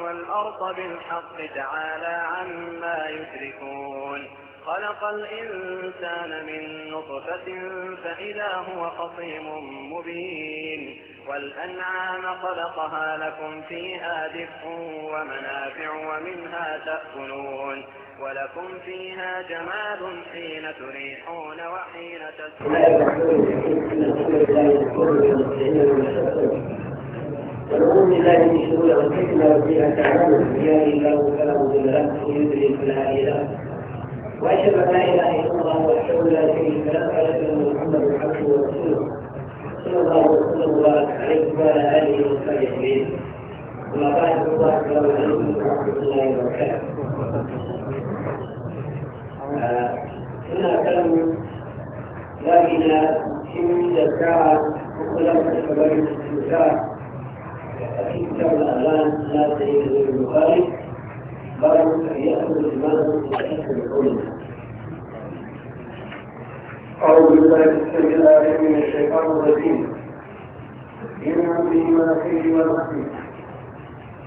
والأرض بالحق تعالى عما يشركون خلق الإنسان من نطفة فإذا هو خصيم مبين والأنعام خلقها لكم فيها دفء ومنافع ومنها تأكلون ولكم فيها جمال حين تريحون وحين تسرحون ونعوذ بالله من شرور انفسنا وسيئة اعمالنا من يهده الله فلا مضل له ومن يضلل فلا واشهد ان لا اله الا الله وحده لا شريك له واشهد ان محمدا عبده ورسوله صلى الله وسلم وبارك عليه وعلى اله وصحبه اجمعين اما بعد السلام عليكم ورحمه الله وبركاته هنا كلام لكن في الزكاه وكلام الشباب في الزكاه ففي كتاب الاذان لا شيء غير البخاري باب ان ياخذ الامام بحسب العلم أعوذ بالله السميع العليم من الشيطان الرجيم من عمله ونفسه ونفسه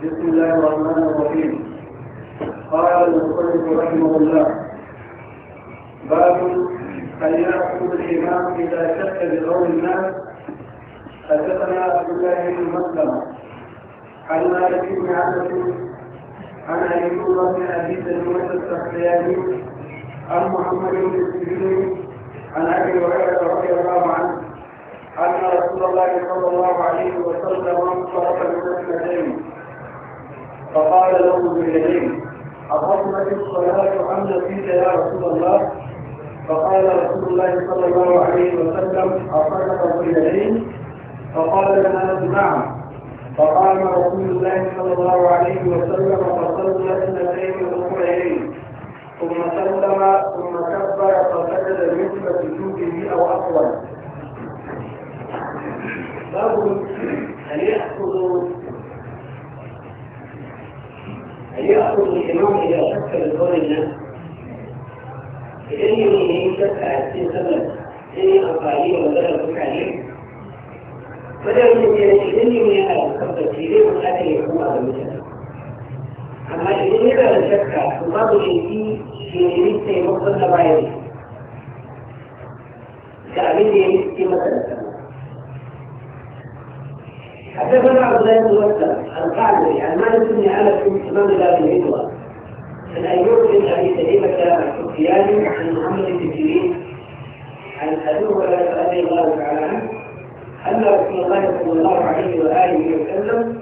بسم الله الرحمن الرحيم قال المصنف رحمه الله باب هل يحكم الامام اذا شك بقول الناس حدثنا عبد الله بن مسلمه عن مالك بن عبد عن ايوب بن ابي تميمه السختياني عن محمد بن السجين عن ابي هريره رضي الله عنه ان رسول الله صلى الله عليه وسلم انصرف من اثنتين فقال له باليدين اقمت الصلاه عن فيك يا رسول الله فقال رسول الله صلى الله عليه وسلم اصدق باليدين فقال الناس نعم فقام رسول الله صلى الله عليه وسلم فصلى اثنتين اخريين ثم سلم ثم كبر فسجد مثل سجوده او اطول باب ان ياخذ ان ياخذ الامام اذا شك بقول الناس لانه من يشك على السنه إني أقاليه ولا أفك wajen yin ne idan ne yana da tabbaci zai bukatar ya koma da mutane amma idan yana da shakka to babu laifi shi ne ne taimakon da baya ne da abin da ya yi ke masa da sama حدثنا عبد الله بن مسلم القعنبي عن مالك بن انس امام باب العدوى عن ايوب بن ابي سليمه السفياني عن محمد بن جرير عن ابي هريره رضي الله تعالى عنه أن رسول الله صلى الله عليه وآله وسلم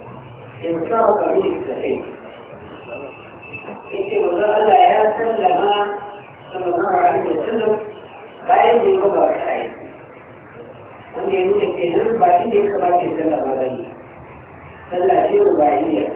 انكر عليه السحيح yake wanda Allah ya sallama sallallahu alaihi wa sallam bayan da ya ba ta yi wanda ya nuna kenan ba shi ne ka ba ke sallama ba ne sallah ce ba yi ne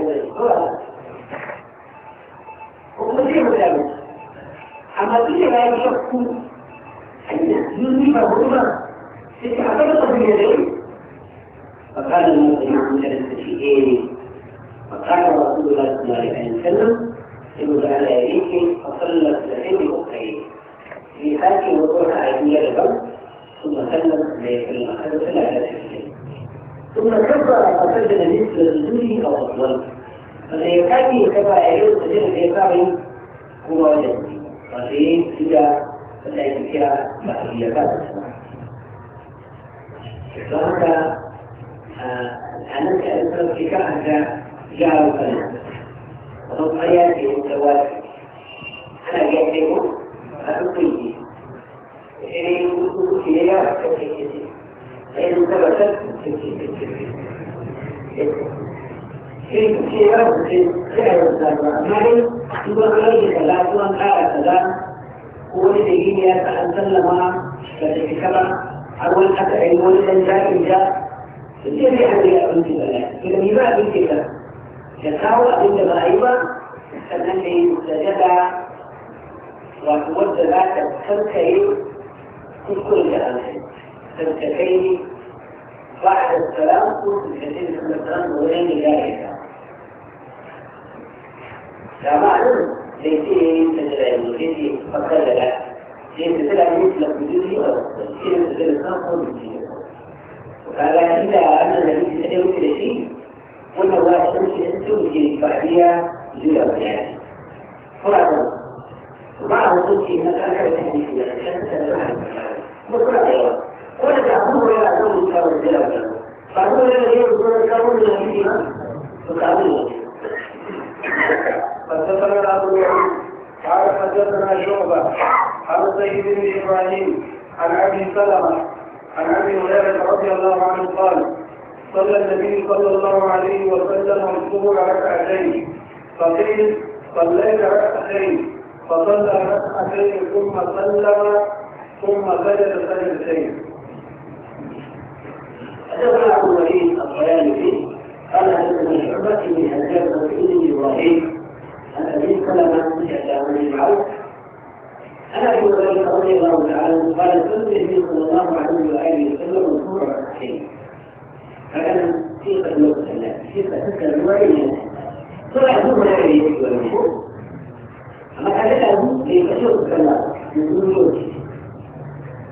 اليه هو هذا ومدير ذلك اما كل ما يشك ان يذهب هنا استحقاقا بيديه فقال لا معلوم ليس تجري ليس فكر لا ليس تلعب مثل وجودي ولا ليس تجري خاصة فقال إذا أن النبي تدعو إلى شيء قلنا الله شمس توجي بعدها جل وعلا فرعون ومعه توجي ما كان كان تحديث الشمس تدعو مطلق أيضا قلت أقول يا أقول الكون جل وعلا فأقول الذي يقول الكون لا يجي فقالوا حدثنا أبو يعقوب قال حدثنا شعبة عن سيد بن إبراهيم عن أبي سلمة عن أبي هريرة رضي الله عنه قال صلى النبي صلى الله عليه وسلم الصبح ركعتين فقيل صليت ركعتين فصلى ركعتين ثم سلم ثم سجد سجدتين حدثنا أبو الوليد الطيالسي قال حدثنا شعبة من هجاز بن إبراهيم الذي طلب منزلة من العرش أنا أبو ذلك رضي الله تعالى قال سنة النبي صلى الله عليه وآله وسلم الكفر والتحريم فكان في قد لو في قد تسلم وعينا طلع دون عليه والمشهور أما كان له في كشوف كلا من دون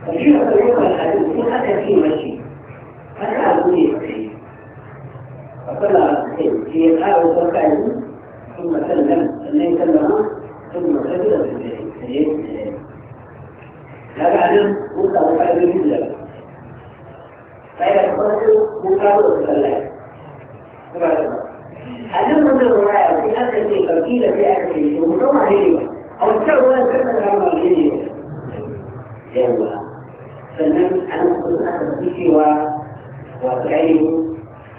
فالشيخ اليوم الحديث حتى في مشي حتى أبو ذلك فقال في قاعدة وكاعدة ثم سلم الذي سلمه ثم سجد في هذا علم موسى وفعل به الله فإذا تخرجوا موسى وسلم علم من الرواية في أكثر شيء قبيلة في أكثر شيء ومنهم عليه أو الشعب ولا كلمة عن مرجعية يلا فالنبي عن كل أحد فيه وفعله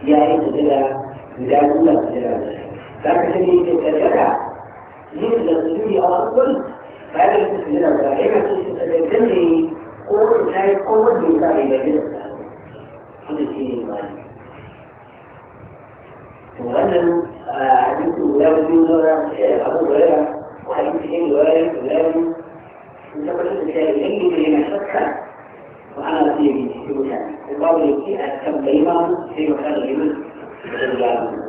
يعيش إلى بلاد الله لكن اللي يتجدع يجب السوري أصلا فهذا يستثمر الغائبة تستثمر قوة لا قوة بيطاعي بجنة كل شيء غالي وأنا حديث ولاية بيوزر أبو هريرة وحديث شيء ولاية ولاية انتقل الإنسان إليه من المشقة وأنا في بيتي في مكان وقالوا لي في أتكلم بيمان في مكان اليمن في الجامعة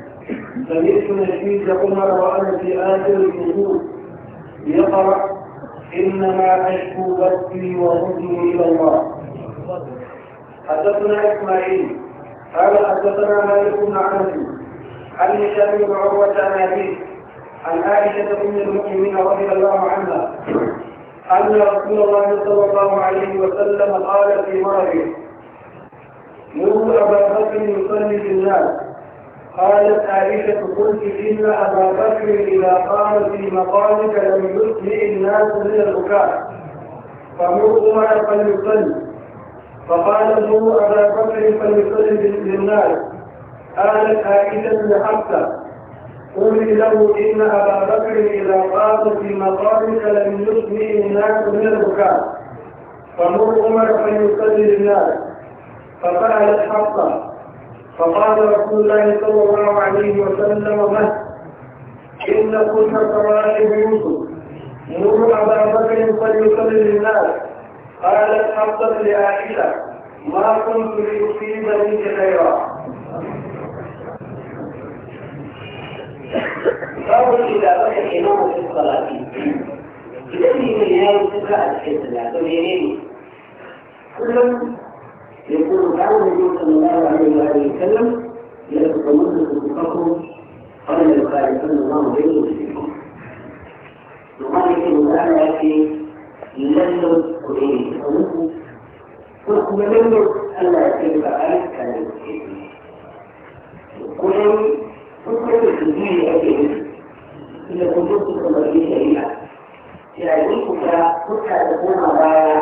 سمعت نشيد عمر وانا في اخر النزول يقرا انما اشكو بثي وهدي الى الله حدثنا اسماعيل قال حدثنا مالك بن عمرو عن هشام بن عروه عن ابيه عن عائشه ام المؤمنين رضي الله عنها ان رسول الله صلى الله عليه وسلم قال في مرضه مروا ابا بكر يصلي في الناس قالت عائشة قلت إن أبا بكر إذا قام في مقامك لم يسمع الناس من البكاء فمر عمر فليصل فقال مر أبا بكر فليصل للناس قالت عائشة لحفصة قل له إن أبا بكر إذا قام في مقامك لم يسمع الناس من البكاء فمر عمر فليصلي للناس ففعلت حفصة فقال رسول الله صلى الله عليه وسلم له إن كنت صواحب يوسف مر أبا بكر فليصلي للناس قالت حقا لعائشة ما كنت لأصيب منك خيرا باب إذا بكى الإمام في الصلاة إذا في مليون تقرأ الحزن لا تبينيني يقول بعد النبي صلى الله عليه وآله وسلم لا تتمنى صدقكم قال البخاري صلى الله عليه وسلم وذلك من تعالى في لن تدعي وقل لن ألا تبقى أنت وقل فكر في الدين أجل إلا كنت تصدق به شيئا يعني كنت تكون على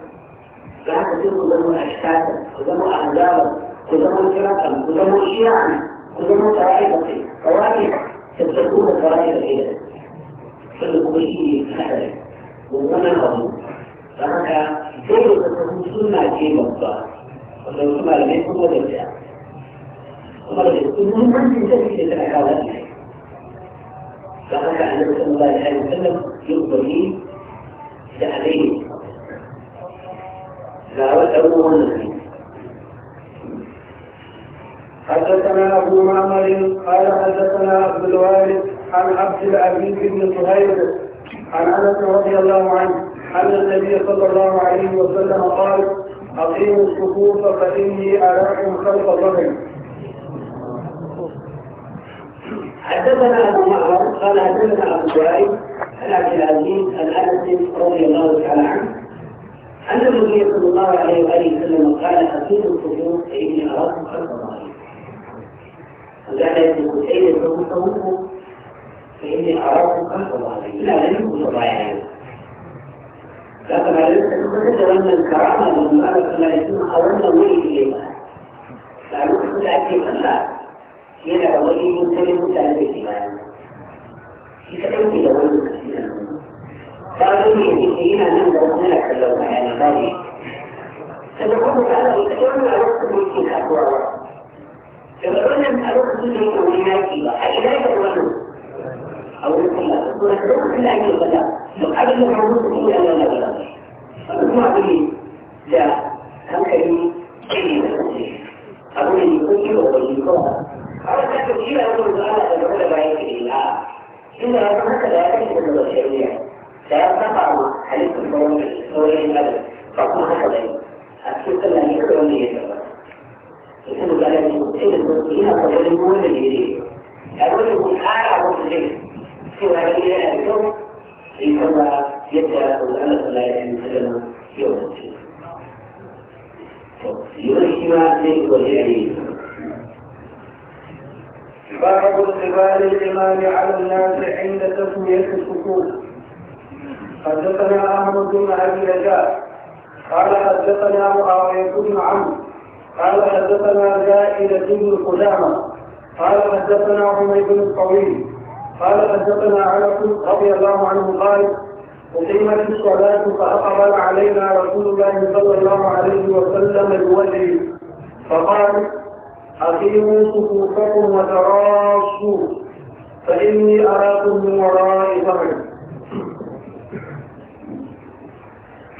فهذا الفقه زموا أشكالا وزموا أحزابا وزموا فرقا وزموا شيعا وزموا طوائف طوائف تتركون الطوائف العلل فالقبيل مثلا وزمن عظيم فهذا دور تكون سنة في مقطع وزموا سنة لم يكن ولا المهم أن تنتهي إلى الحالات فهذا النبي صلى الله عليه وسلم يقبل عليه حدثنا ابو معمر قال حدثنا عبد الوارث عن عبد العزيز بن صهيب عن انس رضي الله عنه ان النبي صلى الله عليه وسلم قال اقيموا الصفوف فاني اراكم خلف ظهري حدثنا ابو معمر قال حدثنا عبد الوارث عن عبد العزيز عن انس رضي الله تعالى عنه أن النبي صلى الله عليه وآله وسلم قال أكيد الصدور فإني أراكم خلق ظاهرين وقال ابن حسين فمستوه فإني أراكم خلف ظاهرين لا لم يكن ظاهرين لكن على المتجر أن الكرامة لا يكون أولا وجه إليها فأنا أقول لا يدع وجهه سلم ثالث الإيمان في كلمة كثيرا قالوا لي انت هنا نملى هناك اللون يعني قالي فنقول تعالى يوم الوقت ممكن اقوى فقلنا من الوقت ممكن ويناكي حيناك الولد او الوقت ونحن لا يغلى لو قبل الحروف هي لا نغلى فنسمع به لا هم كريم كلمة أقول لي كل يوم ويقوم أردت كثيرا أن أقول على العلماء إلا أنه لا يمكن أن يكون لا ينفع حديث الكون الكون الأبد فكون هكذا أكيد أن يكون لي يكون بلد مسلم فيها فقد يكون لي أقول لكم حالة أقول لك سوى هذه الأيام يكون يبدأ الأمر لا يتم يوم يرشي ما تلك وجهه باب القبال الإمام على الناس عند تسمية الصفوف حدثنا احمد بن ابي نجاح قال حدثنا معاويه بن عمرو قال حدثنا زائدة بن قدامه قال حدثنا عمر بن الطويل قال حدثنا انس رضي الله عنه قال أقيمت الصلاة فأقبل علينا رسول الله صلى الله عليه وسلم بوجهه فقال أقيموا صفوفكم وتراصوا فإني أراكم من وراء ظهري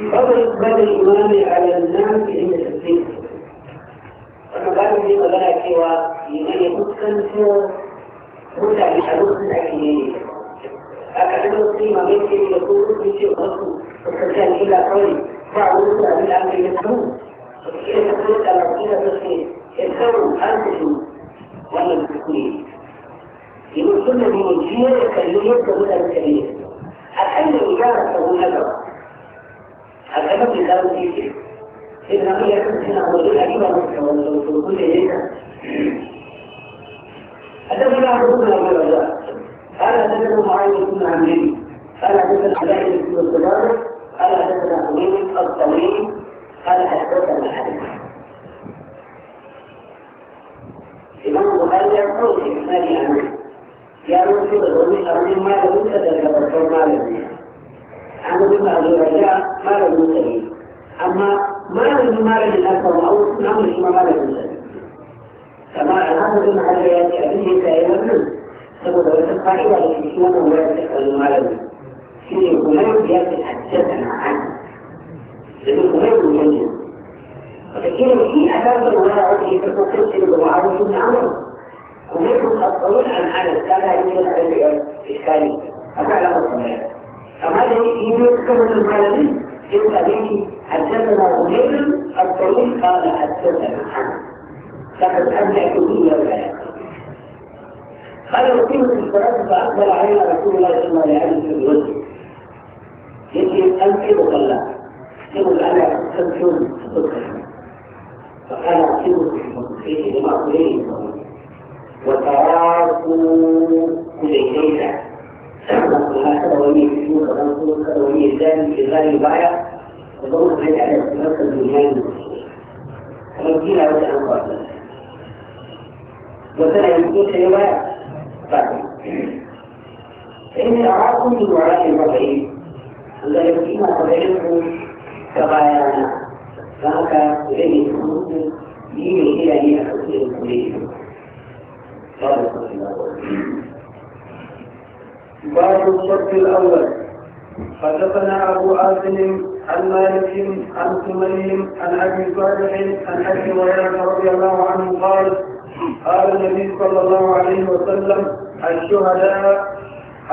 فضل إقبال الإمام على الناس عند التسليم أما بعد في مغانا كيوا يمني مسكن سوى متى بحلوث الأكيين أكاد نصيما بيتي لكل بيتي وغسو وكان إلى قولي فعلوا بالأمر يسمون وكيف تقول العقيدة تسليم الثور أنتم ولا التسليم يقول كل من يجير كان يبدأ من الكبير الحل إجابة هو هذا السبب اللي قالوا فيه كده إن هي هنا الرجل أجيبها في كل إليها السبب اللي قالوا فيه الرجاء قال أدبنا معاوية بن عمرو قال أدبنا علي بن الصدار قال أدبنا أمين الطويل قال أدبنا الحديث إمام البخاري يقول في إسناد عمرو يا رسول الله أرني ما لم تدرك ما لم يكن عن ابن ابي رجاء مال المسلمين اما مال مال الاكبر او نعم ما مال المسلمين كما الحافظ ابن حجر ياتي به كائنا منه ثم ذكر القاعده التي تكون لا تقبل مالا في غلام ياتي حدثنا عنه لأنه غير مجنن ولكن في أساس ولا عدل في التصل بالمعروف من عمره ومنهم الطلوع عن هذا السابع يمكن أن يشكالي أفعل هذا فهذا يمكن الكلام يبقى به حدثنا غنير الطريق قال حدثنا محمد فقد املك كل ذلك قال اقيم في الصلاه فاقبل علينا رسول الله صلى الله عليه وسلم يجي انكرك الله يقول انا استمتون فقال اقيمك في جماعه اليه وتراكوا اليك وها كذا ولي الشيوخ وانصر كذا ولي الزاني في الغالي بايع وضوء الحج على المركز الجهاني ومدينة وجه أنصار وسنة يمكن حيوان فاتح فإن أراكم من وراء الربعين الذي فيما تبعينه كبايانا فهك إليه الخلوق دين إلى أن يأخذ الكلية باب الصف الأول حدثنا أبو عاصم عن مالك عن سمي عن أبي صالح عن أبي هريرة رضي الله عنه قال قال النبي صلى الله عليه وسلم الشهداء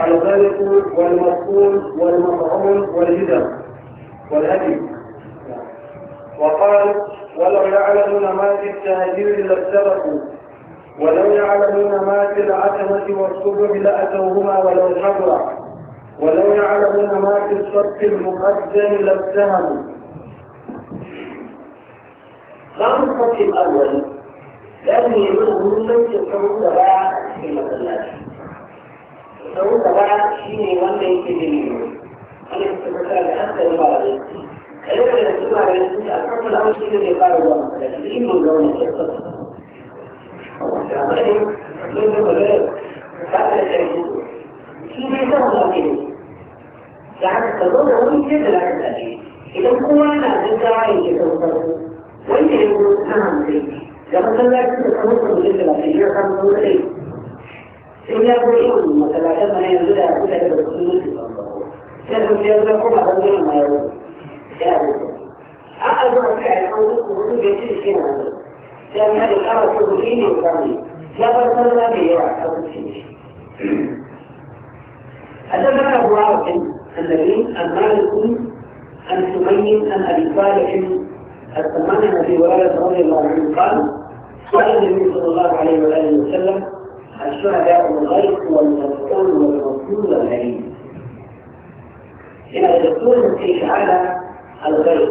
الغرق والمفقود والمطعون والهدم والهدي وقال ولو يعلمون نماذج التهجير لاشتركوا ولو يعلمون ما في العتمة والصبح لأتوهما ولو حضرا ولو يعلمون ما في الصدق المقدم لابتهموا خمسة الأول لم يمنعوا من تصور بقى في المسلات تصور بقى شيء ولا يكذبوا أنا استمتع بأكثر المرض أيضا يسمع الأول شيء اللي قالوا لهم لكن إيه من قولنا يعني من المجال فعلا شيء في بيتهم ممكن يعني تظن هم كده لا إذا هو أنا أنت عايز تظن وأنت يقول أنا مريض لما كان لا يمكن أن يكون مثل في كان مريض إن يقولون مثلا كما يقول أقول لك الرسول لكن يقولون أقول ما يقول يا أبو أعلم أن الحمد لله يجري فينا sai na da kama su kuɗi ne kame ya bar sallah فيه هذا a kuɗi حدثنا ابو عاصم النبي عن مالك أن تبين أن ابي صالح السمان في هريره رضي الله عنه قال قال النبي صلى الله عليه واله وسلم الشهداء الغيث والمسكون والرسول العليم إذا الرسول في شهادة الغيث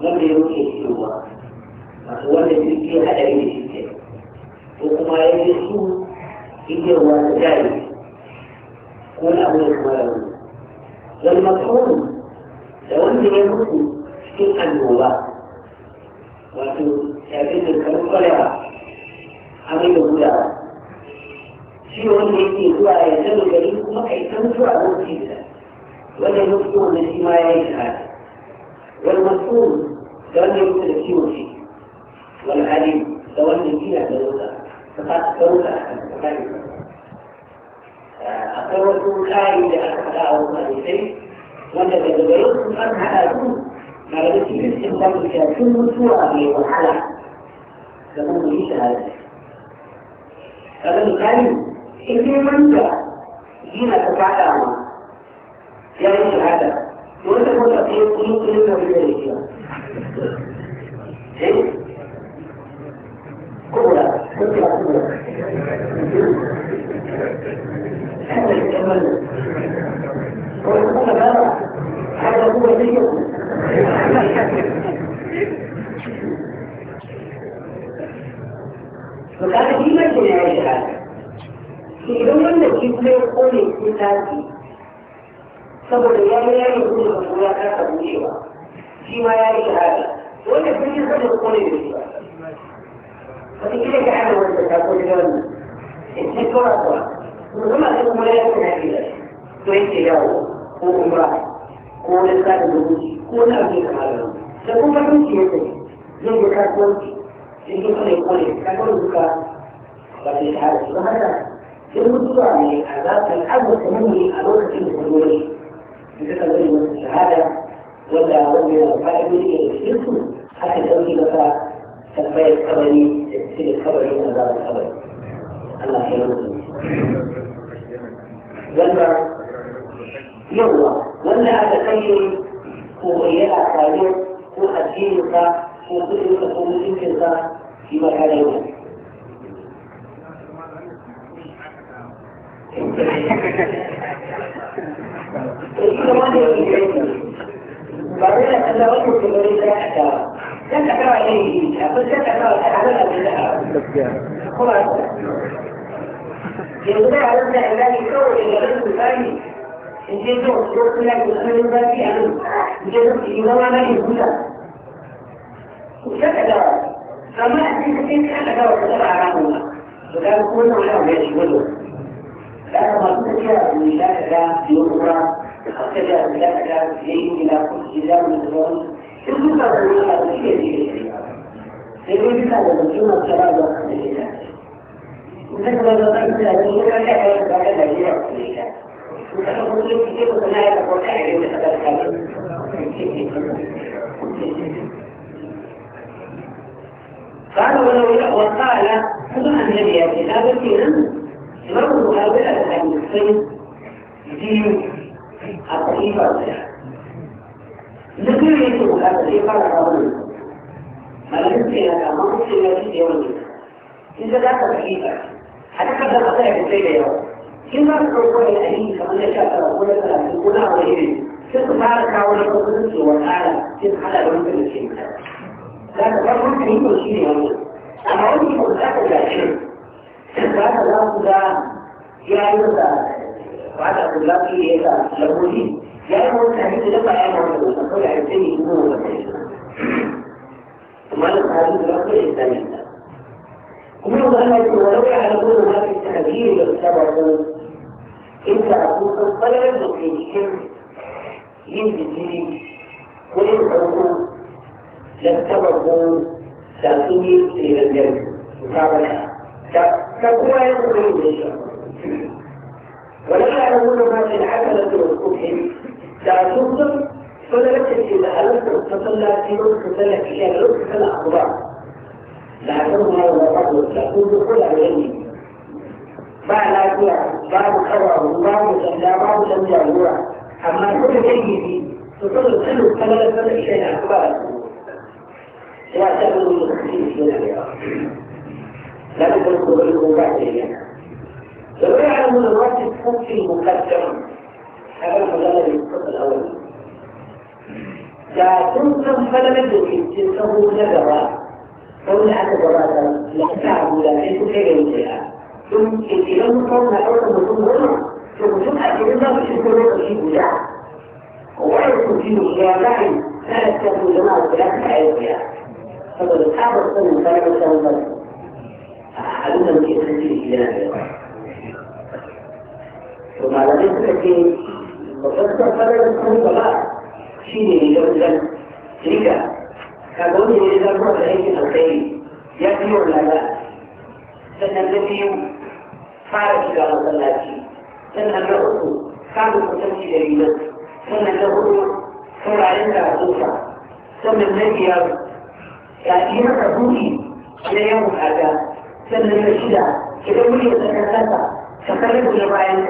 لم يوحي سواه wanda suke haɗari da shi ke ko kuma ya ce su ike wani jari ko na abu da kuma yawon wani makamun da wanda ya mutu cikin annoba wato shafin da kan kwalewa amai da gudawa shi wanda yake zuwa ya zama gari kuma a yi san zuwa lokaci da wanda ya mutu wanda shi ma ya yi shahada wani makamun da wanda ya mutu da ciwon shi والعليم لو أن فيها دروسة فقد دروسة أقررت الآية لأخذها من شيء وجد دروس أنها أدوم ما التي في فيها كل سورة وحلة تقوم به شهادة فبالتالي إذا منك جينا تفعل يعني هذا وأنت كنت في قلوب كلمة في ذلك كبرى يقولها علمنا أنني كون إجابات الثاني إنجيز وصوت لك وصول ذاتي أنه إجابة إجابة ما يقول وشك دواء فما أتيك فيك أنا دواء وصول أعلام الله وكان كل محاول يشغله لأنه ما كنت كده من شاك ده في يوم أخرى حتى جاء بلاك ده يجي إلى كل جزاء من الزوال يقول لك أنه يجب أن يكون هذا الشيء يجب أن مثل الخمس الذين كفروا بعد الذين يقتلون وكانوا كثير وما يقول عليهم قال ولو وقال ثم النبي هذا الكلام لو مقابلة عن الصين دين الطريقة ذكر يسوع الطريقة العظيمة ما يمكن أن أمر في يوم إذا لا تضحيك هتبدا تصيح بالليل يوم كما تقول الأهين كمان يشاء ولا سلام ولا غيره تدخل على كاولا تقول والأعلى تدخل على بنت الشيء لا تقول أن يكون شيء يوم أنا أقول لك لا تقول شيء هذا لا تدا يا يوسف وهذا أقول لك إيه لو لي يا يوسف تعمل لك يا يوسف تقول عرفتني إنه ولا شيء ثم أنا أقول لك إيه ومنهم قال لك ولو يعلمون ما في التنبيه يتبعون انت اخوك فلا يملك للشرك للدين وللحقوق لاتبعوا تأتيه الى الجنه متابعه تقوى يدخل الى ولو يعلمون ما في الحسنه والكفر تأتوهم فلا يملك اذا الف تصلى في رزق سلك الى رزق الاخبار لأنه هذا الرجل يكون كل علمه ما لا فيها باب خبر باب سلا باب سلا هو أما كل جيد تقول كل كلام كل شيء أخبار يا سبب المخفيف من لا تدرك بالقوة لو يعلم الوقت الصوفي المقدم هذا المجال الصف الأول لا تنقل فلم يدرك تلك نذرا wanda aka gabatar da aka abuja sai kuka yi wuce don idan mutum na ɗaukar mutum goma to mutum a cikin za mu cikin lokaci guda wani kuci ne ya za a yi kada ta mu zama a guda ta yi wuya saboda tsabar sanin karar canzar abin da muke kan cikin gida da yawa to malamai suka ce babban karar canzar ba shi ne rigar riga فقول إن إذا هو العيد الخير يكفي ولا لا؟ سنة النبي فارس إلى الله سنة الرؤوس كانوا متمشي جيدا سنة الرؤوس صار عندها عروسة سنة النبي يعني هنا تقولي لا يوم هذا سنة المشيدة إذا ولي سنة تقرب لرأيك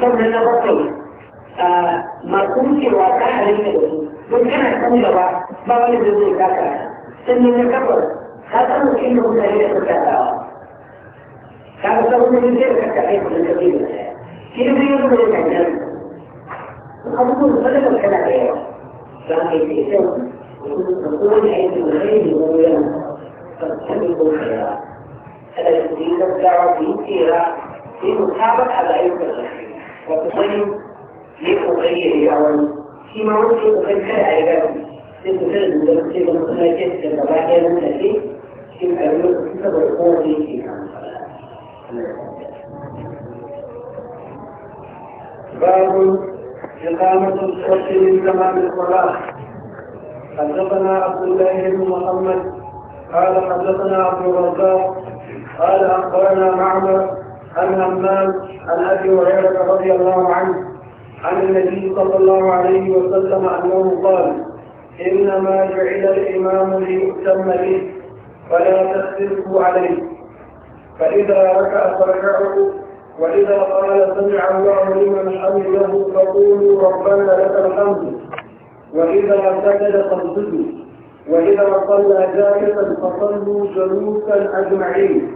سنة آه، الرؤوس مرقوم سوى كحل المدرسة don kana san gaba ba wani da zai kaka sannan na kafar ka san mutum da mutane da suka tsawa ka ga sabon da zai da kaka aiki da kake da shi ne bai yanzu da kanyan abubuwan da kada kana da yawa za ka yi da kyau da kowane aiki da zai yi wani yana kan ko kaiwa kada da kuɗi gaggawa da yi tsira sai mu tabar a ga ayyukan da wato sai yi ƙoƙari ya yi a wani فيما ممكن وكان كان عيبان لأنه كان المدرس في منطقة جدا وبعدها نمنا فيه في العلوم كتب القوة فيها باب إقامة الصلاة من تمام الصلاة حدثنا عبد الله بن محمد قال حدثنا عبد الرزاق قال أخبرنا معمر عن همام عن أبي هريرة رضي الله عنه عن النبي صلى الله عليه وسلم أنه قال إنما جعل الإمام ليؤتم به فلا تختلفوا عليه فإذا ركع فاركعه وإذا قال سمع الله لمن حمده فقولوا ربنا لك الحمد وإذا سجد فاسجدوا وإذا صلى جالسا فصلوا جلوسا أجمعين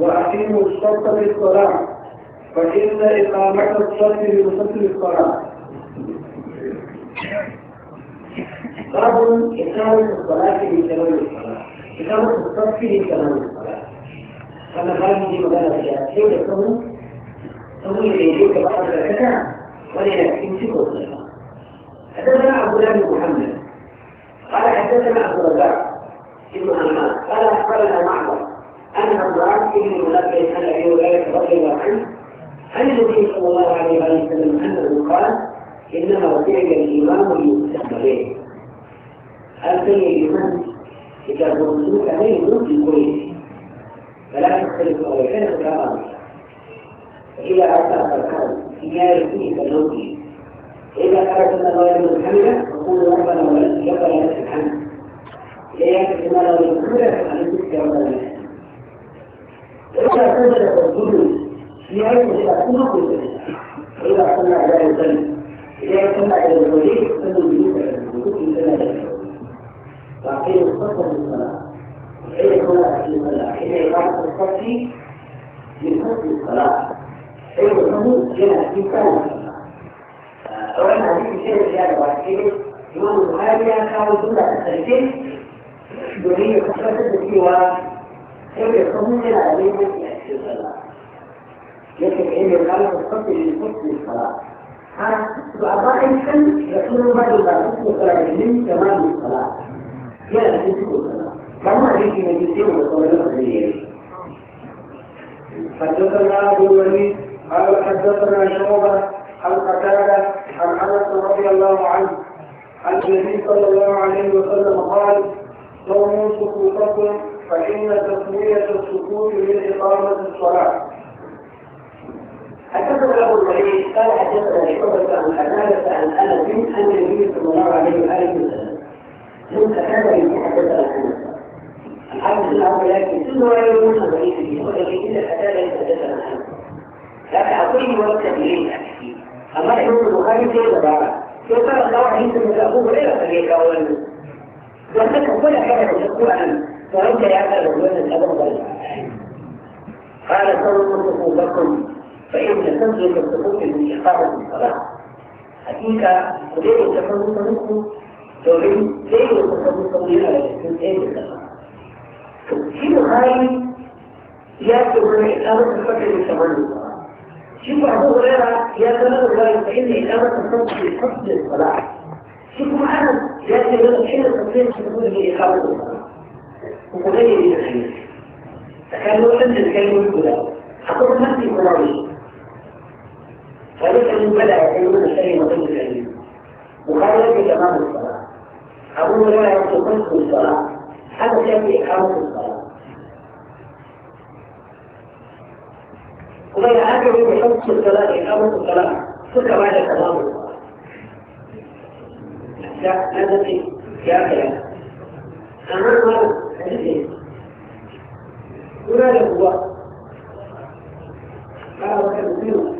وأقيموا الشرط للصلاه فإن إقامة الصلاة لمصلي الصلاة باب إقامة الصلاة لتمام الصلاة إقامة الصلاة لتمام الصلاة فما هذه مدارة الشيء يكون ثم يجيك بعد الركعة ولا يمسك الصلاة حدثنا عبد الله بن محمد قال حدثنا عبد الرزاق بن حماد قال أخبرنا معمر أن عمران بن ملبس عن رضي الله عنه عن النبي صلى الله عليه وسلم انه قال انما فعل الامام ليستحب به الفعل الإيمان اذا منسوك عليه موت الكويت فلا تختلف أو اولا كما إذا أتى فالكون في يارثه فيه إذا أردت أن الله يمن حمله فقولوا ربنا ولك لك لك الحمد لا يكفي ما لو يمكنك أن تذكر ربنا إذا قدرت الظلم لأنه إذا كنا كل إذا كنا لا يزال إذا كنا إلى الولي كنا بيوت الوجود كنا لا وأقيم الصلاة للصلاة وحين صلاة للصلاة حين إقامة الصلاة من حسن الصلاة حين الحمد جنى في كان أولا هذه شيء زيادة وأكيد إمام البخاري كان جملة السلفين دونية خشبة السوى حين الحمد جنى عليهم لكن إن القلب الصفي لحسن الصلاة ضعيفا يكون رجلا حسن صلاة من كمال الصلاة لا حسن الصلاة كما يجب أن يسير الصلاة حدثنا أبو الوليد قال حدثنا شعبة عن قتادة عن أنس رضي الله عنه عن النبي صلى الله عليه وسلم قال صوموا سكوتكم فإن تسوية السكوت من إقامة الصلاة حدثنا ابو الوليد قال حدثنا لشعبة عن عبادة عن انس ان النبي صلى الله عليه واله وسلم ثم كان يتحدث عن انس الحمد لله لكن ثم لا يكون ضعيفه ولكن الا حتى لا يتحدث عن لكن اعطيه وقت اليه اما الامام البخاري كيف بعد كيف قال الله عيسى بن ابو هريره فليك اولا وذكر كل حاجه يقول ان وانت يا ابا الولد الابو قال صلوا لكم فإن تنزل الحقوق الانتقام من الصلاة حقيقة ليه التفضل منكم دورين ليه التفضل طويل على الاثنين الصلاة في هاي يأتي من إقامة الفجر لثمان الصلاة شوفوا أبو هريرة يا ثلاث رواية فإن إقامة الفجر لحسن الصلاة شوفوا أنا يأتي من حين التصوير تقول لإقامة الصلاة وقلت لي الحديث تكلموا أنت تكلموا الكلام أقول نفسي قراري فليسوا بدا يعلمون الشيء وهم العلم وقال لك تمام الصلاة أبو هريرة يقول في الصلاة هذا شيء إقامة الصلاة ومن أكل من حفظ الصلاة إقامة الصلاة سكر بعد تمام الصلاة لا هذا شيء يا أخي أمام هذا الشيء هنالك هو هذا كان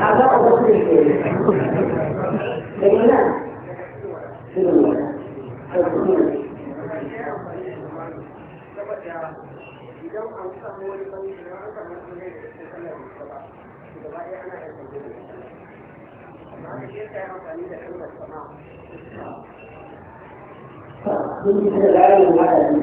أعضاء الرسول الكريم بينما في المال بالنسبة للعالم العالمي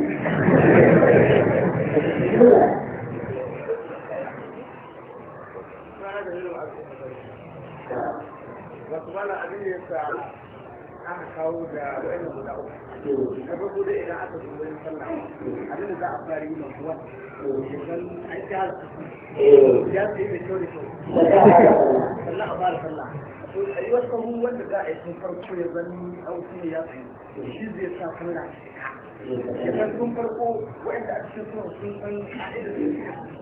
su bala abin da ya sa aka kawo da wani guda uku na farko dai idan aka zo wani sallah abin da za a fara yi masu wa idan an ji halatta ya yi mai kyau da kyau sannan a fara sallah a yi wasu abubuwan wanda za a yi sun farko ya zan auki ne ya tsaye shi zai sa sallah Shekaru sun farko waɗanda a cikin sun san ka'idar da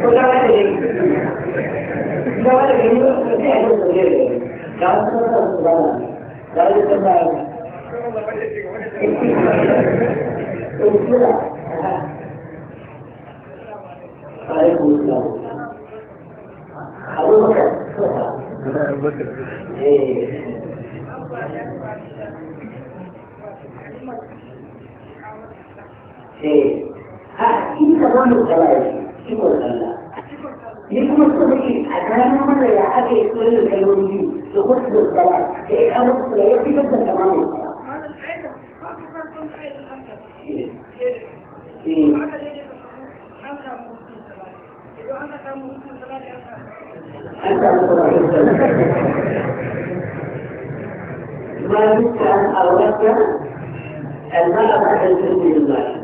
عليكم السلام أبو بكر أبو بكر إيه إيه ها كيف تظن الكلام ما بك أن أردت المرأة عن سبيل الله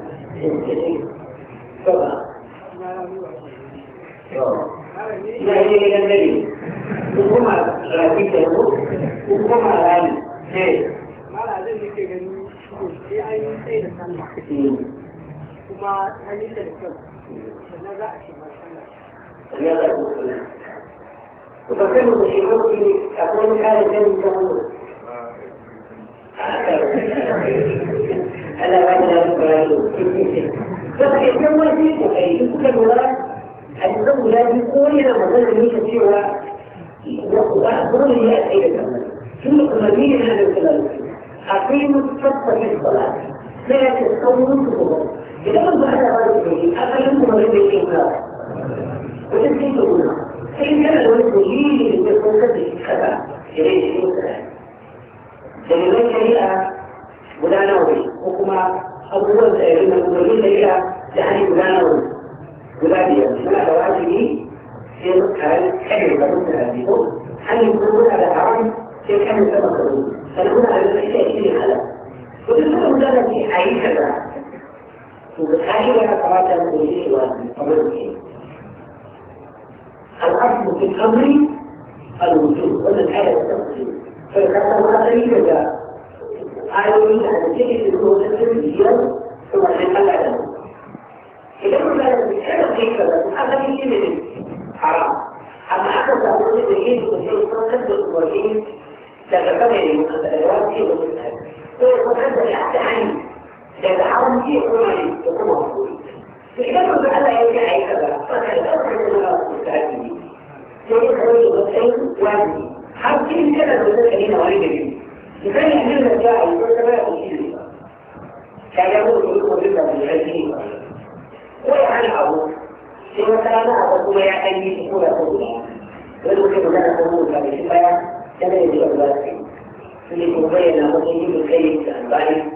طبعا لا إلى النبي ثم رأيته ثم رأيته ما لا ذلك يجب أي سيد kuma hannun da kyau sannan za a ce mashallah وفكروا بشيوخي أقول كان جن تقول ألا وأنا أقول فكيف يوم يجيك يجيك الولاد الزوج لا يقول إلى مظل ميت سوى وأقول لي أسئلة ثم قممين هذا الكلام أقيموا الصف في الصلاة لا تستوون في الصلاة إذا كنت أنا غالبي أبا يمكن أن يكون إنكار وتبقى تقول فإن كان الولد يجي للتكون كذلك كذا إليه المسألة دليلين شريعة ولا نوعي وكما أول من المدرين شريعة يعني ولا نوعي ولا بيئة ما لواجبي في مكان كبير بدون هذه أن يكون هذا عام في كم سبب فنقول على الأشياء اللي خلق وتقول لك أي كذا وبالآخر أتراجع الكلية والمقابل الأصل في الأمر الوجود ولا الآية التفصيل فإذا ما تريد آية أن تجد الموجة اليوم ثم تنقل له إذا كنا نتكلم كيف هذا من جنب حرام أما أخذ أقول بجيب وجيب صنعت الوجيب لكن كما يجب أن تتكلم فيه وجيب ويقول هذا يحتى عني لأن حاول فيه كل يكون موجود فكانوا بألا يرجع أي كذا فكانت أخرى مستعدين سيد خليل غسين وادي حاول فيه كذا الوزن خلينا وريد جديد لكان يحمل الجاعي يقول كما يقول كان يقول كلكم جدا من العزين ويعني أبوه لما كان أبوه يعتني يقول أبوه ويقول لنا أبوه كان يشبه كما يجب أن يكون في المبين أبوه يجب الكيس أن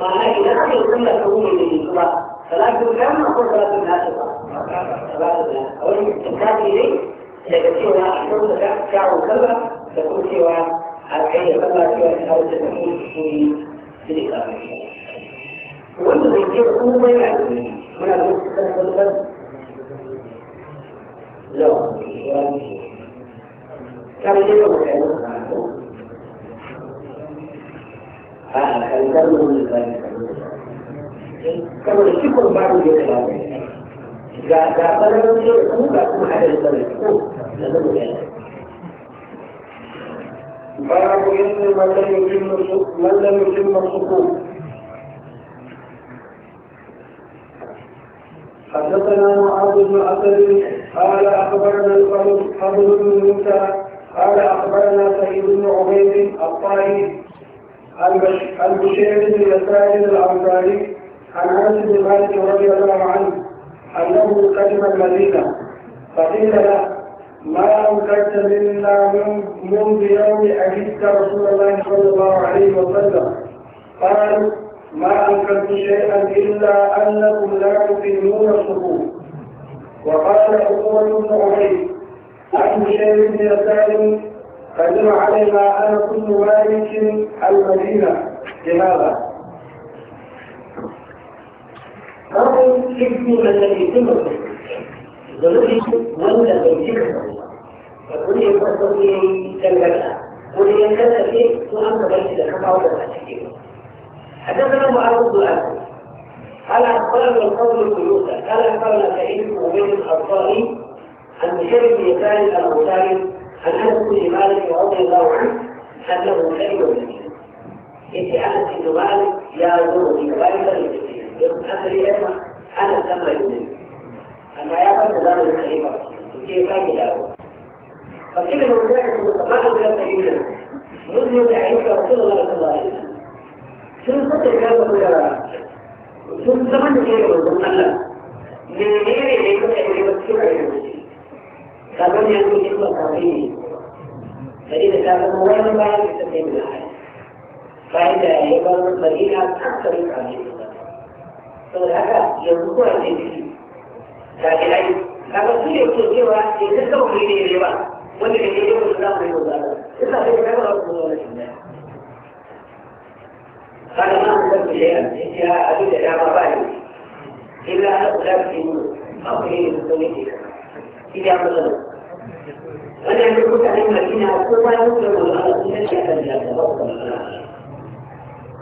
معناه إذا أنا يقول لك أقوم من الصلاة صلاة كم أقول صلاة الناس صلاة الناس أول إمكان إليه إذا كنت سوى أحسن لك شعر كذا تكون سوى أربعين كذا سوى أو تكون في تلك وأنت تجيب كل ما يعلم من المستقبل لا كان يجب أن يكون saboda kifin باب إن من لم يتم من لم يتم السكون حدثنا معاذ بن أسد قال أخبرنا الفضل بن موسى قال أخبرنا سعيد بن عبيد الطائي البشير بن يسار الأنصاري عن أنس بن مالك رضي الله عنه أنه قدم المدينة فقيل له ما أنكرت منا منذ يوم اجدت رسول الله صلى الله عليه وسلم قال ما أنكرت شيئا إلا أنكم لا تقيمون الصفوف وقال عمر بن عبيد عن بشير بن يسار فدل علينا أن كل مالك المدينة لماذا؟ أو الحكم الذي يتم ذلك ولا تنجيك فكل يفضل يتلقى قل ينكسر فيه تؤمن بيت لك ولا حدثنا معاذ بن قال أخبرنا القول بن قال أخبرنا سعيد بن عبيد عن بشير بن يسار عن انس بن مالك رضي الله عنه انه شهد المدينه انت انس بن مالك يزورني ولا يدري انت لي انا لما يدري اما يقول زار الخليفه كيف كان يدعوه فقيل له ذلك ما قبل سبيلا منذ دعيت رسول الله صلى الله عليه وسلم شنو صدق هذا يا شنو زمن غيره من الله من غيره يكون يكون يكون فمن يكون اسم التوحيد فإذا كان مولا فلا يستثني من أحد فإذا يبقى المدينة أكثر التوحيد فهذا يذكر التوحيد لكن فمن يكون سوى للتوحيد رضا والذي يكون الله من الله إلا في كبر رسول الله قال ما أقدم شيئا إنها أجد إلى مبادئ إلا أن أقدم في أو في مسؤوليتك إذا أقدمت أنا أقول لك أن المدينة كما يطلب الغلط من الشهادة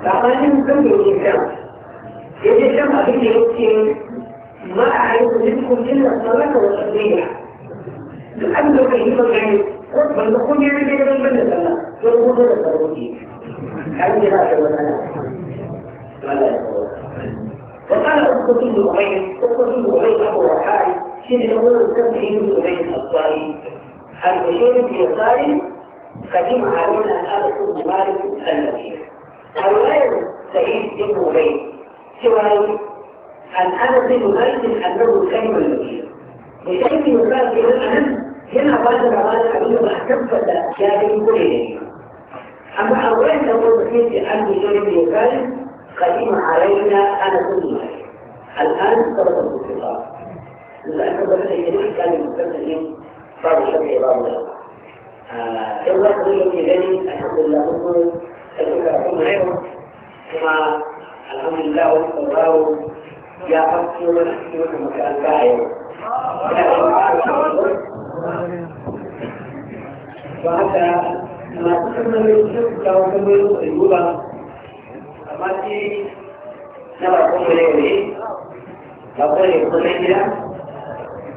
فقالوا كم الإنسان يتجمع به يمكن ما أعرف منكم إلا الصلاة والتسبيح الحمد لله يعني رب الدخول يعني بين البلد يقول هذا التوحيد عندي هذا ولا ولا وقال القطب بن عبيد القطب بن عبيد أبو رحاعي سيدنا عمر الكبري بن عبيد الأنصاري في بيساره قديم علينا أنس بن مالك المشير سعيد بن أبي سوى ان أنس بن مالك أنه كلمة المشير بشكل يقال في الاهم هنا بعد رواية حبيب محتفظ جاري كل أما أولا نقول في أن في بيساره قديم علينا أنس بن مالك الآن صدق الاتفاق لأنه بدأ يدرك كلمة المستقبل بعض الشافعي بعض ثم قلت في ذلك الحمد لله منه تلك لكم غيره ثم الحمد لله والله يا رب يوم نحكمكم مكان فاعل وهذا ما تسمى بالشرك وتسمى الهدى أما في نرى قوم إليه فقل يقول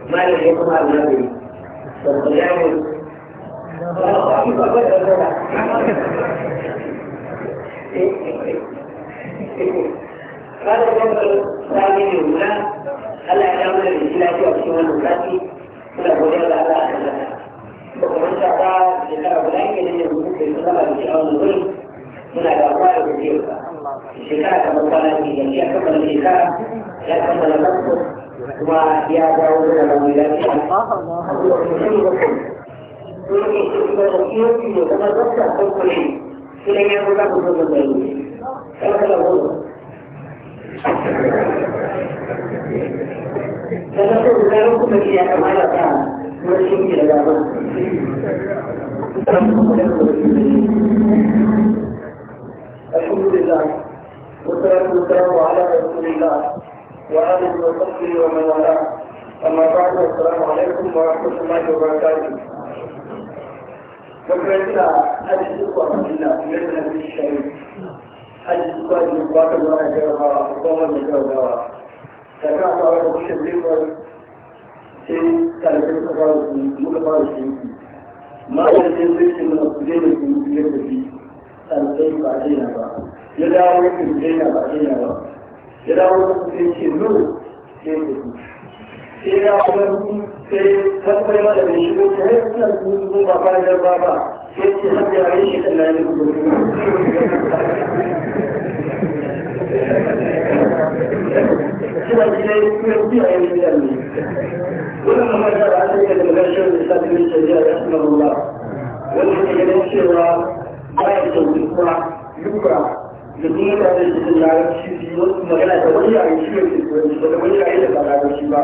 ما لم يكن هذا النبي قال الجبل الثاني هنا هل اعلامنا الاسلام يقسم المكاتب ولا بنيان على اهلها ومن شاء ذكر هناك ان المسلم بالصلاه ان شاء الله من الاقوال كثيره الشكايه كما قال في الشيخ كما الشكايه لا كما نقصد ويا داود لو يلاقي الحمد لله والصلاة والسلام على رسول الله وآله وصحبه ومن والاه أما بعد السلام عليكم ورحمة الله وبركاته وكذا أجل سوى مدينة مثل نبي الشريف أجل سوى جنبات الله جرها وقوم جرها تكاثر على الشريف sai talibin ka fara su muka fara su yi ma da zai zai ce mana ku daina ku yi da ku talibai ba a daina ba ya dawo ya ku daina ba a daina ba ya dawo sai ce no sai ya sai ya wani sai tabbai mata da shi ko sai ya suna su zo ba ba da ba ba sai ce har ya yi shi Allah ya rubu suna gida ya kuma biya ya yi da ne wannan kamar da ba ta yi da gashin da sa ta yi shari'a da sunan Allah wani ne ganin cewa ba ya sauki kuma yuka da kuma mutane da jin larabci su yi wasu magana da wani yayin shi ne turanci ba da wani yayin da ba larabci ba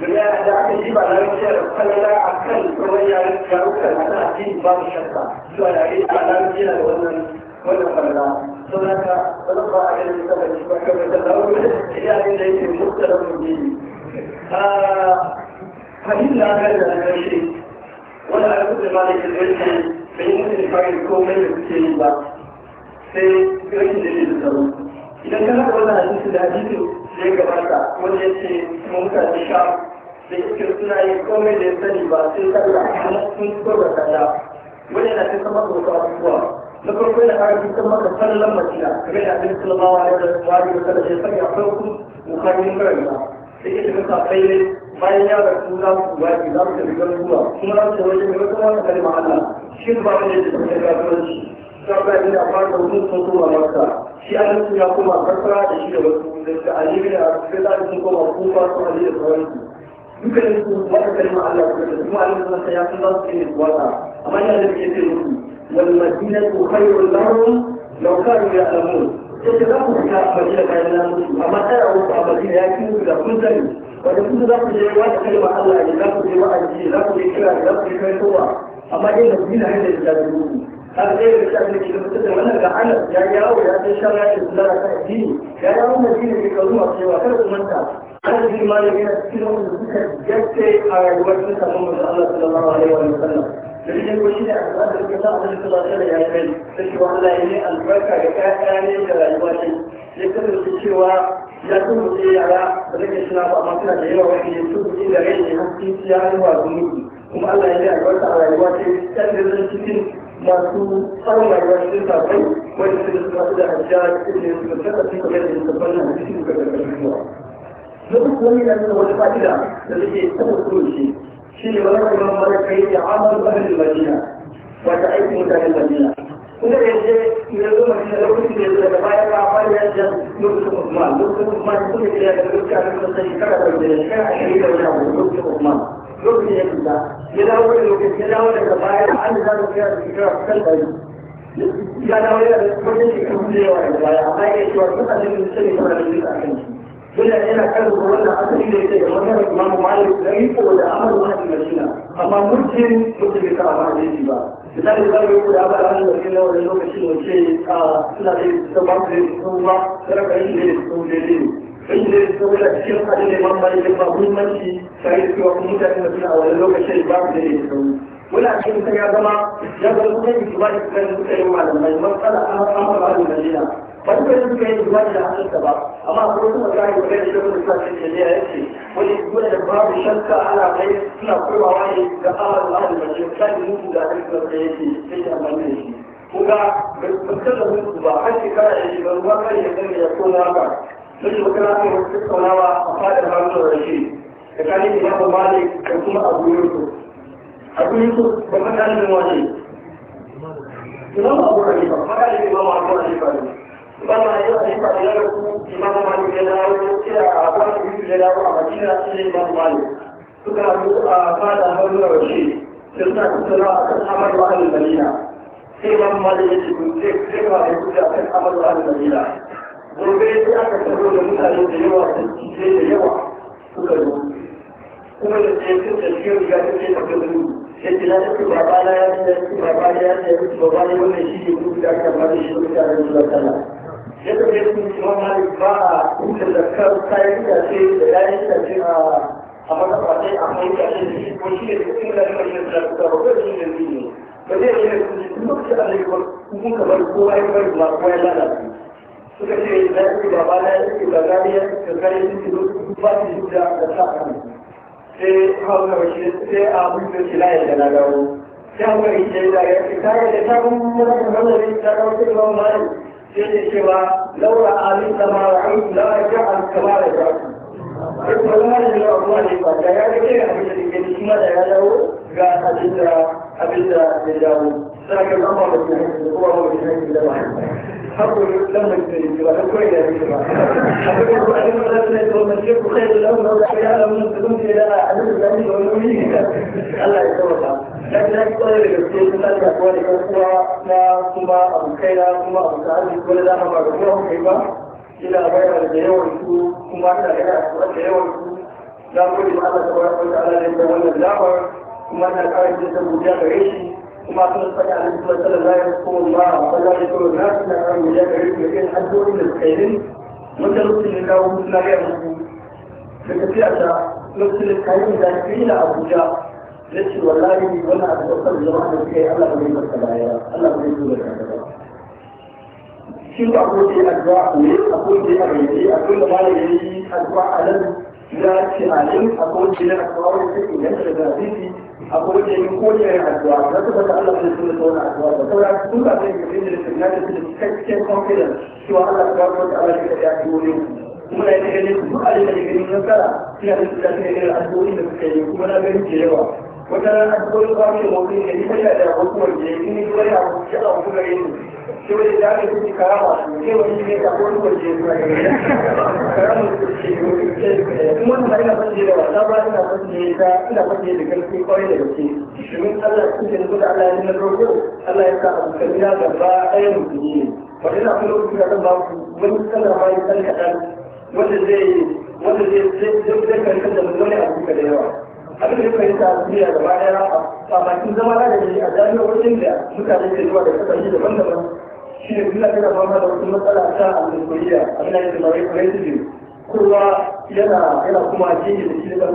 daga da aka yi ba larabci da kalla a kan kamar yayin yarukan a kan addini babu shakka zuwa yayin a larabci yana da wannan wannan kalla saboda haka wani ba a ganin da ba shi ba kamar da larabci yayin da yake mutsalar mutum فإن هذا الشيء ولا yi مالك العلم فإن da كومن في الوقت sai rashin dalilin tsaro idan ka raka wannan hadisi da hadisin da ya gabata wanda ya ce kuma mutane sha da iskir suna yi komai da ya sani ba sai sallah kuma sun kawar sallah wanda yana cikin sama da wasu abubuwa na farko yana fara cikin maka sallan madina kamar yana cikin sulmawa da wani da sallah ya sanya farko bukarin karanta da ya shiga safai ne bayan ya rasu za su waje za su tafi garuruwa kuma za su waje wani kalma Allah shi ba wani da ya tafi sabba ina fara wurin sun a maka shi an suna koma kasra da shi da wasu daga alibi da sai da sun koma kufa su ali da sauransu dukkanin su wata kalma Allah ta da kuma alibi sun ya sun za su yi wata amma ina da ke ce musu wal madinatu khayrun lahum law kanu ya'lamun sai za ku fita a madina bayan na mutu amma tsara wasu a madina ya kin da kun sani wanda kun za ku je wata kalma Allah ne za ku je wa'azi za ku je kira za ku je kai kowa amma dai madina hanyar da هذا زي اللي بتعمل كده ya انا جعان يا يا او يا ان شاء الله يا الله ديني يا يا او ديني في كلمه في وكره منك هذا دي ما يجينا كيلو جت على وجه تمام الله صلى الله عليه وسلم dalilin ko shine a da suka sa Allah ta zata da yayin sai shi wallahi ne albarka ga kaya ne da rayuwa ce ya kasance cewa ya kuma ce yara da kake shi ba amma suna da yawa wani su ji da rai ne har sai ya yi wa kuma Allah ya yi albarka a rayuwa ce ta cikin masu tsawayewa cikin sabai wanda suka su da hajjaj da ya suka kasa su kamar da suka na hadisi suka da karfiwa. Duk wani na nuna wani fa'ida da suke taɓa kuroshi shi ne wani kuma mara kai da amal barin Madina wata aikin mutanen Madina. Kuma da yake ya zo Madina lokacin da ya zo daga baya ba a fara yadda lokacin Usman lokacin Usman suka kira da lokacin da suka shekara da shekara ashirin da wani abu lokacin Usman. lokacin ya da baya an da zamu kira da kan dari ya dawo ya da wajen da kan da yawa daga baya amma ya ce wa da mun da yana kan ko wannan asali da yake da da yi ko da amaru wannan mashina amma mutum mutum bai ka amma da shi ba misali za mu yi kuda ba an da kina wannan lokacin wace ah, suna da su ba su da su ba sai ka yi da su da inda saboda cikin hadin da imam malik ba muhimmanci sai da cewa mutane da suna a wani lokacin ba su da yin sauri muna cikin ta ya zama ya zama kuma yi zuba da suka yi suka yi malamai matsala an haɓa ba da madina ba su kai suka yi zuba da hannunsa ba amma a kuma suna kayan magana da kuma suka ce da ya ce wani zuwa da babu shakka ana kai suna komawa ne ga ahmad ba da madina kan mutu da hannunsa da ya ce sai da amfani da shi kuma ba su kasar da mutu ba har shekara da shi ba ruwa kan ya zama ya koma ba sun magana kan wasu tattaunawa a fadar hannu da shi tsakanin imamu malik da kuma abu yusuf abu yusuf da matalibin Ina imamu abu hanifa matalibin imamu abu ne imamu abu hanifa da yaro imamu malik ya dawo kira a abu yusuf ya dawo a madina shi ne imamu malik suka haɗu a fadar hannu da shi da suna tattaunawa a kan amar wa'alin sai imamu malik ya ce kun zai kuma da kuka a kan amar wa'alin gobe sai aka taho da mutane da yawa da cije da yawa suka zo kuma da sai sun da shi riga ta ce tafi da ya ce na tafi baba na ya ce tafi baba na ya tafi baba ne shi ne kuma da aka bada shi da zuwa sallah ya tafi sun ci mamali ba a kuka da kan kayan da ce da yayin da ce a a matsafatai a mai da shi ko shi ne cikin da shi da ta ba shi ne ne ba zai yi ne kuma shi Allah ya kuma kamar kowa ya bari ba kowa ya lalace suka ce na yake baba na yake gagari ya gagari ya ce ba su yi da da sa a kan sai hau na sai a hulɗa shi laye da na dawo Ya hau na bashi da ya ce ta da ta kun yi da kan ta dawo ta kawo na sai ne cewa laura da ma'a'in la ja al kamara ja sai kuma zama da jira kuma ne ba da ya ga ke a mutu da ke shi ma da ya dawo ga abin da abin da ya dawo لكن الأمر بالنهي بالقوة والنهي بالله حقوا لما يجرى الكويلة يجرى حقوا أن الرسل والمشيخ خير الأمر والحياة من السلوك إلى عدد الأمر والأمين الله يتوقع لكن هذه الطريقة التي تسأل أقوالك القوى ما ثم أبو خيرا ثم أبو سعد كل ذا ما رجوهم كيفا إلى غير الجيوان ثم أتى إلى الجيوان لا بد من الله سبحانه وتعالى لتولى الدعوة ثم أن الآية تتبع جاء بعيشه كما قال صلى الله عليه وسلم لا يذكر الله ولا يذكر الناس الا عن مجاهد الذين حجوا الى الخير وترسل الله مثل غيره فكثيرا نرسل الخير داخلين ابوجا لكن والله وانا اتوصل لجماعه الخير الله بيجي بالكبايا الله بيجي بالكبايا شو أقول دي أدواء أقول دي أغيري أقول ما يجي أدواء ألم لا تعلم أقول دي أدواء يجب أن يشرب هذه akwai da yi ko da yin addu'a na kuma da Allah zai tura da addu'a da saura sun ba zai yi da rikin na da cikakken confidence cewa Allah ta ba ta Allah da ya yi wuri kuma na yi ganin duk a da ganin nasara suna da su da su da addu'o'i da suka yi kuma na ganin jerewa wata rana akwai kwamin motsi da ita yana da hukumar da ya yi kuma yana shaɗa hukumar yin shi wani da aka fi karama su ne wani ne k'a ko hukumar da ya zuwa gari karama su ce kuma kuma ina fashe da wata ba ina fashe da ina fashe da karfi kwarai da gaske domin Allah su ce da Allah ya nuna roƙo Allah ya sa abu kabila gaba ɗaya musulmi ne wata ina kuma lokacin da zan ba ku wani sallar ma yi sallar kaɗan wanda zai wanda zai zai zai karkar da wani abu da yawa abin da kai ta duniya da baya a bakin zama da ne a jami'o'in da mutane ke zuwa da kasashe daban-daban shi ne kuma kana fama da wasu matsala ta alƙuriya abin da ke da mai kuma yana yana kuma jini da shi da